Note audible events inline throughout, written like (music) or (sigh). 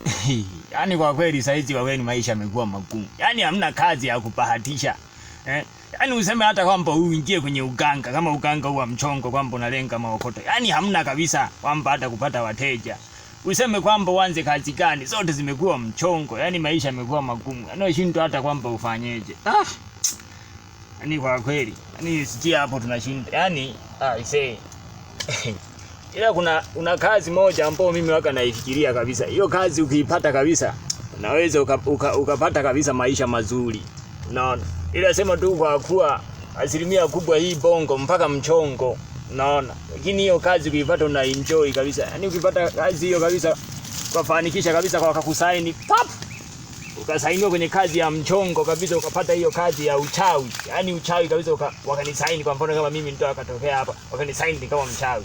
(laughs) Yaani kwa kweli saizi kwa kweli maisha yamekuwa magumu. Yaani hamna kazi ya kubahatisha. Eh? Yaani useme hata kwamba uingie kwenye uganga kama uganga huwa mchongo kwamba unalenga maokoto. Yaani hamna kabisa kwamba hata kupata wateja. Useme kwamba uanze kazi gani, zote zimekuwa mchongo. Yaani maisha yamekuwa magumu. yaani Yanashindwa hata kwamba ufanyeje. Ah. Yaani kwa kweli, yaani sikia hapo tunashinda. Yaani, ah, isee. (laughs) ila kuna una kazi moja ambayo mimi waka naifikiria kabisa. Hiyo kazi ukiipata kabisa, unaweza ukapata uka, uka kabisa maisha mazuri, unaona. Ila sema tu kwa kuwa asilimia kubwa hii bongo mpaka mchongo, unaona. Lakini hiyo kazi ukiipata una enjoy kabisa, yani ukipata kazi hiyo kabisa, fanikisha kabisa kwa kakusaini pap ukasainiwa kwenye kazi ya mchongo kabisa, ukapata hiyo kazi ya uchawi, yani uchawi kabisa, wakanisaini. Kwa mfano kama mimi mtu akatokea hapa, wakanisaini nikawa mchawi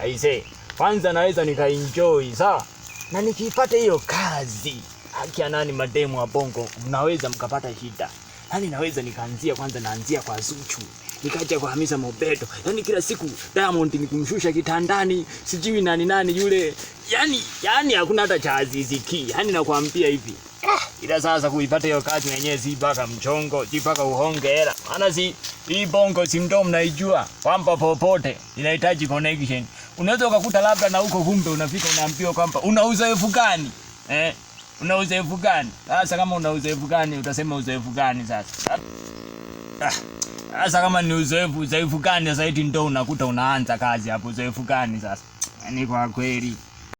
Aise, kwanza naweza nikaenjoy sawa, na nikipata hiyo kazi, haki ya nani? Mademu wa Bongo mnaweza mkapata shida, yani naweza nikaanzia kwanza, naanzia kwa Zuchu nikaja kwa Hamisa Mobeto. Yaani kila siku Diamond ni kumshusha kitandani, sijui nani nani yule. Yaani yaani hakuna hata cha aziziki. Yaani nakwambia hivi. Ah, Ila sasa kuipata hiyo kazi yenyewe si mpaka mchongo, si mpaka uhonge hela. Maana si hii bongo si mdo mnaijua kwamba popote inahitaji connection. Unaweza ukakuta labda na huko kumbe unafika unaambiwa kwamba una uzoefu gani? Eh? Una uzoefu gani? Sasa kama una uzoefu gani utasema uzoefu gani sasa? Ah. Sasa kama ni uzoefu, uzoefu gani zaidi ndo unakuta unaanza kazi hapo, uzoefu gani sasa? Ni yaani kwa kweli